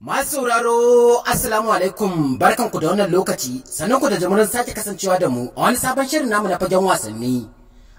Masu sauraro Assalamu alaikum barkanku da wannan lokaci sannan ku da jimurin sake kasancewa da mu a wani sabon shirin namu na fagen wasanni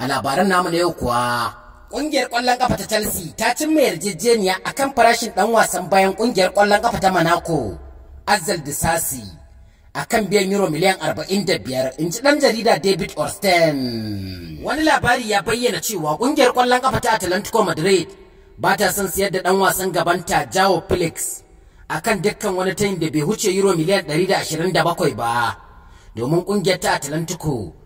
a labaran namu na yau kuwa kungiyar kwallon kafa ta Chelsea ta cimma yarjejeniya akan farashin dan wasan bayan kungiyar kwallon kafa ta Monaco Azal Disasi akan biyan euro miliyan 45 in ji dan jarida David Orsten wani labari ya bayyana cewa kungiyar kwallon kafa ta Atlantico Madrid ba ta son siyar da dan wasan gabanta Jao Felix akan dukkan wani tayin da bai huce euro miliyan 127 ba domin kungiyar ta Atlantico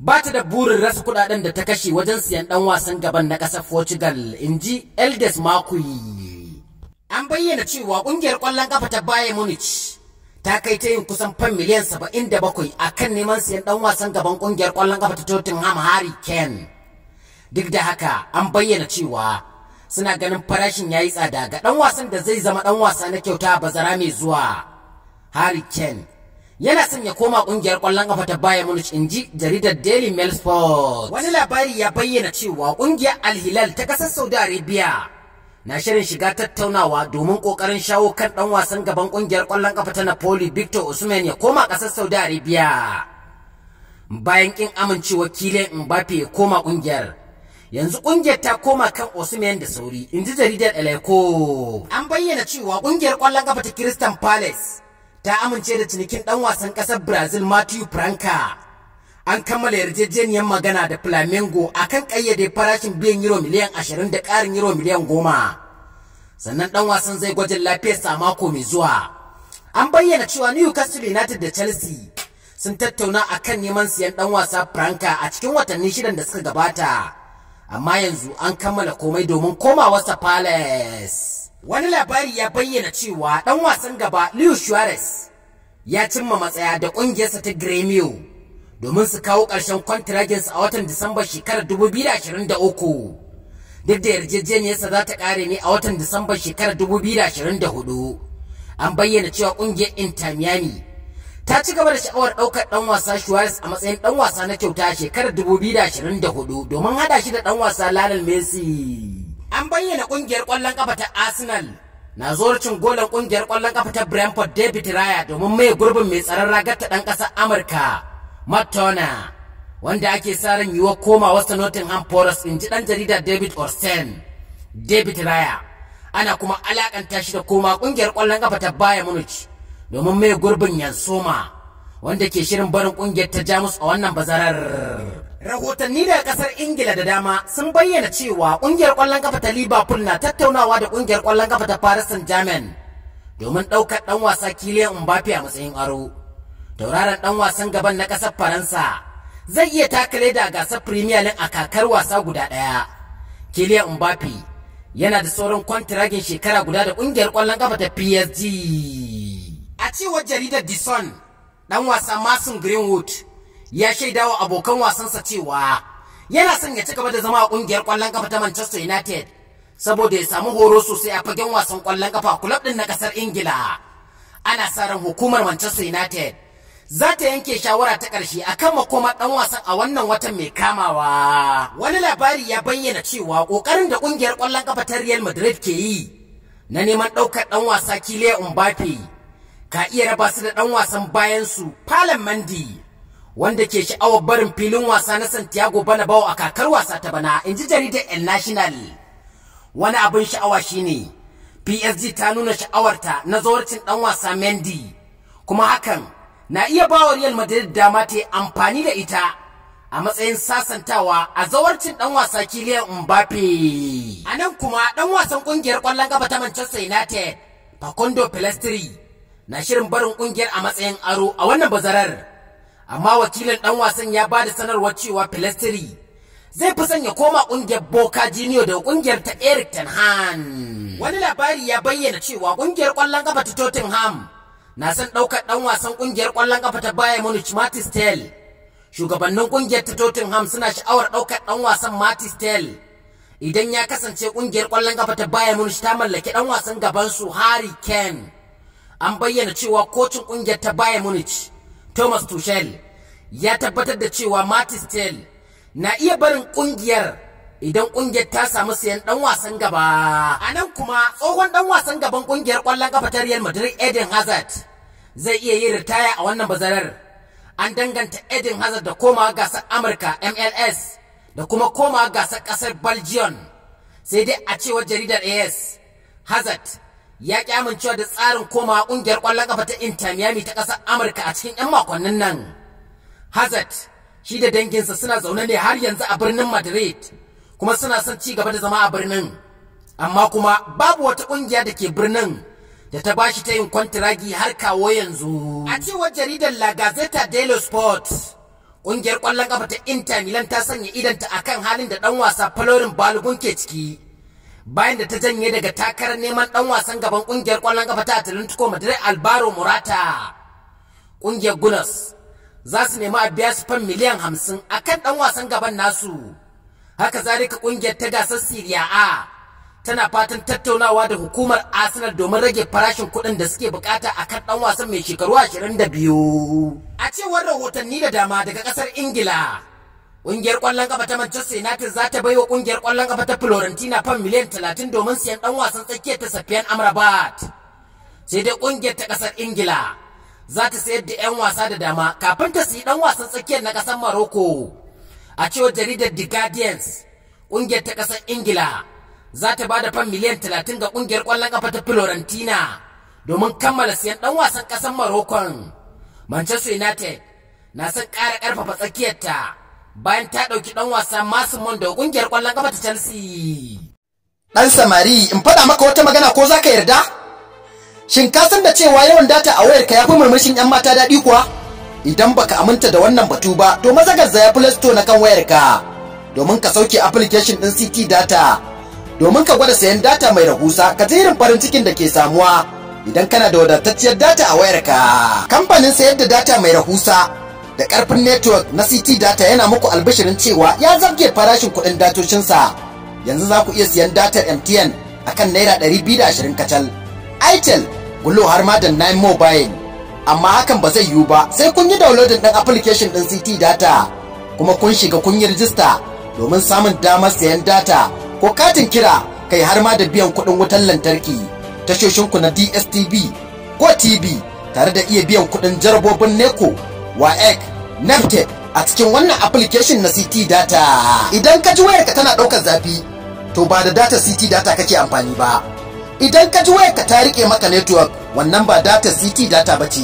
ba ta da burin rasa kudaden da ta kashe wajen siyan dan wasan gaban na kasar Portugal inji Eldes Makui an bayyana cewa kungiyar kwallon kafa ta Bayern Munich ta kai ta yin kusan fan miliyan 77 akan neman siyan dan wasan gaban kungiyar kwallon kafa ta Tottenham Harry Kane duk da haka an bayyana cewa suna ganin farashin ya yi tsada ga ɗan wasan da zai zama ɗan wasa na kyauta bazara mai zuwa Harry Kane yana son ya koma ƙungiyar ƙwallon ƙafa ta Bayern Munich in ji jaridar Daily Mail Sports. Wani labari ya bayyana cewa ƙungiyar Al Hilal ta ƙasar Saudi Arabia na shirin shiga tattaunawa domin ƙoƙarin shawo kan ɗan wasan gaban ƙungiyar ƙwallon ƙafa ta Napoli Victor Osimhen ya koma ƙasar Saudi Arabia. Bayan ƙin amincewa Kylian Mbappe ya koma ƙungiyar, yanzu kungiyar ta koma kan Osimhen da sauri in ji jaridar Eleko an bayyana cewa kungiyar kwallon kafa ta Crystal Palace ta amince da cinikin dan wasan kasar Brazil Matthew Franca an kammala yarjejeniyar magana da Flamengo akan kayyade farashin biyan euro miliyan 20 da karin euro miliyan 10 sannan dan wasan zai gwajin lafiyarsa mako mai zuwa an bayyana cewa Newcastle United da Chelsea sun tattauna akan neman siyan dan wasa Franca a cikin watanni shidan da suka gabata amma yanzu an kammala komai domin komawarsa Palace. Wani labari ya bayyana cewa 'dan wasan gaba Luis Suarez ya cimma matsaya da ƙungiyarsa ta Gremio domin su kawo ƙarshen kwantiragins a watan Disamba shekarar 2023. Duk da yarjejeniyarsa za ta ƙare ne a watan Disamba shekarar 2024. An bayyana cewa ƙungiyar Inter Miami ta ci gaba da sha'awar ɗaukar ɗan wasa Suarez a matsayin ɗan wasa na kyauta shekarar 2024 domin haɗa shi da ɗan wasa Lionel Messi. An bayyana ƙungiyar ƙwallon ƙafa ta Arsenal na zorcin golan ƙungiyar ƙwallon ƙafa ta Brentford David Raya domin mai gurbin mai tsaron ragar ta ɗan ƙasar Amurka Matt wanda ake sa ran yiwuwar komawa ta Nottingham Forest in ji ɗan jarida David Orsen. David Raya ana kuma alakanta shi da koma ƙungiyar ƙwallon ƙafa ta Bayern Munich domin mai gurbin ya soma wanda ke shirin barin kungiyar ta jamus a wannan bazarar rahotanni daga kasar ingila da dama sun bayyana cewa kungiyar kwallon kafa ta liverpool na tattaunawa da kungiyar kwallon kafa ta paris saint germain domin ɗaukar ɗan wasa kiliyan mbappe a matsayin aro tauraron ɗan wasan gaban na ƙasar faransa zai iya takale da gasar premier league a kakar wasa guda ɗaya kiliyan mbappe yana da sauran kwantiragin shekara guda da kungiyar kwallon kafa ta psg a cewar jaridar the sun dan wasa mason greenwood ya shaida wa abokan wasansa cewa yana son ya ci gaba da zama a kungiyar kwallon kafa ta manchester united saboda ya samu horo sosai a fagen wasan kwallon kafa kulob din na kasar ingila ana sa ran hukumar manchester united za ta yanke shawara ta ƙarshe akan makomar ɗan wasan a wannan watan mai kamawa. Wani labari ya bayyana cewa ƙoƙarin da ƙungiyar kwallon kafa ta Real Madrid ke yi na neman ɗaukar ɗan wasa Kylian Mbappe ka iya raba su da ɗan wasan bayan su Palan Mandi wanda ke sha'awar barin filin wasa na Santiago Bernabeu a kakar wasa ta bana in ji jaridar El National wani abin sha'awa shine PSG ta nuna sha'awarta na zawarcin ɗan wasa Mendy kuma hakan na iya ba wa Real Madrid dama ta amfani da ita a matsayin sasantawa a zawarcin ɗan wasa Kylian Mbappe Anan kuma ɗan wasan ƙungiyar ƙwallon gaba ta Manchester United Facundo Pellistri na shirin barin kungiyar a matsayin aro a wannan bazarar amma wakilin dan wasan ya ba da sanarwar cewa Pelestri zai fi sanya koma kungiyar Boca Junior da kungiyar ta Eric ten Hag wani labari ya bayyana cewa kungiyar kwallon kafa ta Tottenham na son daukar dan wasan kungiyar kwallon kafa ta Bayern Munich Matis Tel shugabannin kungiyar ta Tottenham suna sha'awar daukar dan wasan Matis Tel idan ya kasance kungiyar kwallon kafa ta Bayern Munich ta mallaki dan wasan gaban su Harry Kane an bayyana cewa kocin kungiyar ta Bayern Munich Thomas Tuchel ya tabbatar da cewa Matis Tell na iya barin kungiyar idan kungiyar ta samu sayan dan wasan gaba a nan kuma tsohon dan wasan gaban kungiyar kwallon kafa ta Real Madrid Eden Hazard zai iya yin ritaya a wannan bazarar an danganta Eden Hazard da komawa gasar Amurka MLS da kuma komawa gasar kasar Belgium sai dai a cewar jaridar AS Hazard ya ki amincewa da tsarin komawa ƙungiyar kwallon ƙafa ta Inter Miami ta ƙasar Amurka a cikin 'yan makonnin nan. Hazard shi da danginsa suna zaune ne har yanzu a birnin Madrid kuma suna son ci gaba da zama a birnin. Amma kuma babu wata ƙungiya da ke birnin da ta bashi ta yin kwantiragi har kawo yanzu. A cewar jaridar La Gazzetta dello Sport, ƙungiyar ƙwallon ƙafa ta Inter Milan ta sanya idanta akan halin da ɗan wasa florin Balogun ke ciki. bayan da ta janye daga takarar neman dan wasan gaban kungiyar kwallon kafa ta Atletico Madrid Albaro Morata kungiyar Gunners za su nemi a biya su fan miliyan hamsin a kan dan wasan gaban nasu haka zalika kungiyar ta gasar Syria A tana fatan tattaunawa da hukumar Arsenal domin rage farashin kuɗin da suke bukata kan dan wasan mai shekaru 22 a cewar rahotanni da dama daga ƙasar Ingila Ƙungiyar ƙwallon ƙafa ta Manchester United za ta baiwa ƙungiyar ƙwallon ƙafa ta Florentina fan miliyan 30 domin siyan ɗan wasan tsakiyar ta Safiyan Amrabat. Sai dai ƙungiyar ta ƙasar Ingila za ta sayar da 'yan wasa da dama kafin ta siyi ɗan wasan tsakiyar na ƙasar Morocco. A cewar jaridar The Guardians, ƙungiyar ta ƙasar Ingila za ta ba da fan miliyan 30 ga ƙungiyar ƙwallon ƙafa ta Florentina domin kammala siyan ɗan wasan ƙasar Morocco. Manchester United na son ƙara ƙarfafa tsakiyarta. ta bayan ta ɗauki ɗan wasa man, da ƙungiyar ƙwallon ƙafa ta Chelsea. Ɗan samari in faɗa maka wata magana ko za ka yarda? Shin ka san da cewa yawan data a wayarka ya fi murmushin 'yan mata daɗi kuwa? Idan baka aminta da wannan batu ba, to maza garzaya Play Store na kan wayarka. Domin ka sauke application ɗin CT data. Domin ka gwada sayan data mai rahusa, ka ji irin farin cikin da ke samuwa. Idan kana da wadatacciyar data a wayarka. Kamfanin sayar da data mai rahusa da karfin network na CT data yana muku albashirin cewa ya zabge farashin kuɗin datocinsa yanzu za ku iya siyan datar MTN akan naira 220 kacal itel gulo har ma da nine mobile amma hakan ba zai yiwu ba sai kun yi downloading ɗin application ɗin CT data kuma kun shiga kun yi rijista domin samun damar siyan data ko katin kira kai har ma da biyan kuɗin wutar lantarki tashoshinku na DSTV ko TV tare da iya biyan kuɗin jarabobin neko waec naftec a cikin wannan application na ct data idan ka ji wayarka tana ɗaukar zafi to ba da data ct data kake amfani ba idan ka ji wayarka ta rike maka network wannan ba data ct data ba ce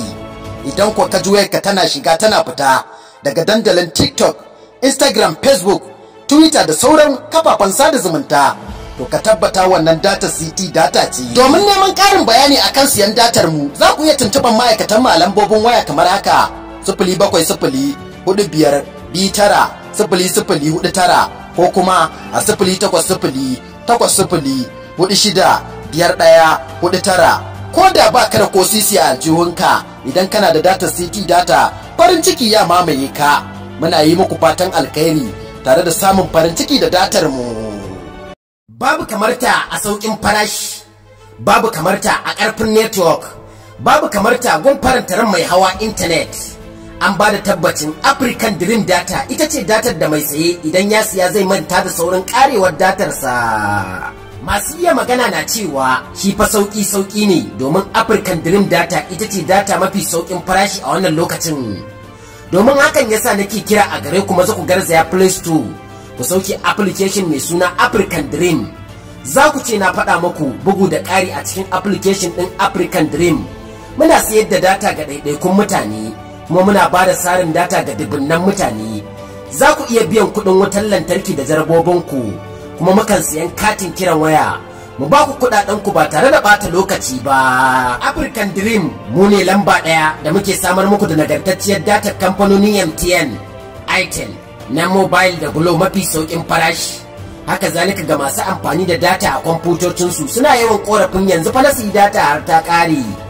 idan kuwa ka ji wayarka tana shiga tana fita daga dandalin tiktok instagram facebook twitter da sauran kafafen sada zumunta to ka tabbata wannan data ct data ce domin neman ƙarin bayani akan siyan datar mu za ku iya tuntuɓar ma'aikatan malambobin waya kamar haka sifili bakwai sifili hudu biyar bi tara sifili sifili hudu tara ko kuma a sifili takwas sifili takwas sifili hudu shida biyar ɗaya hudu tara ko da ba ka da kosisi a aljihunka idan kana da data city data farin ciki ya mamaye ka muna yi muku fatan alkhairi tare da samun farin ciki da datar mu babu kamarta a saukin farashi babu kamarta a ƙarfin network babu kamarta gun faranta mai hawa intanet an ba da tabbacin african dream data ita ce datar da mai tsaye idan ya siya zai manta da saurin karewar datarsa masu iya magana na cewa shi fa sauki sauki ne domin african dream data ita ce data mafi saukin farashi a wannan lokacin domin hakan yasa nake kira a gare ku maza ku garzaya play store ku sauke application mai suna african dream za ku ce na faɗa muku bugu da ƙari a cikin application ɗin african dream muna sayar da data ga ɗaiɗaikun mutane kuma muna ba da tsarin data ga dubunnan mutane za ku iya biyan kuɗin wutar lantarki da ku kuma mukan sayan katin kiran waya mu ba ku kuɗaɗen ku ba tare da bata lokaci ba african dream mu ne lamba ɗaya da muke samar muku da nagartacciyar data kamfanonin mtn itel na mobile da glo mafi sauƙin farashi haka zalika ga masu amfani da data a kwamfutocinsu suna yawan korafin yanzu fa na data har ta ƙare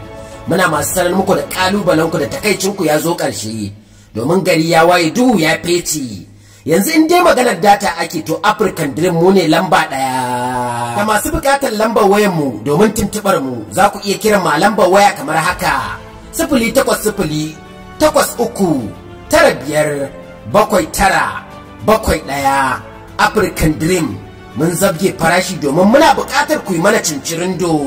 muna masu sanar muku da kalubalenku da takaicinku ya zo ƙarshe domin gari ya waye duhu ya feci yanzu in dai maganar data ake to african dream mu ne lamba ɗaya ta masu buƙatar lambar wayar mu domin tuntuɓar mu za ku iya kiran ma lambar waya kamar haka sifili takwas sifili takwas uku tara biyar bakwai tara bakwai ɗaya african dream mun zabge farashi domin muna buƙatar ku yi mana cincirindo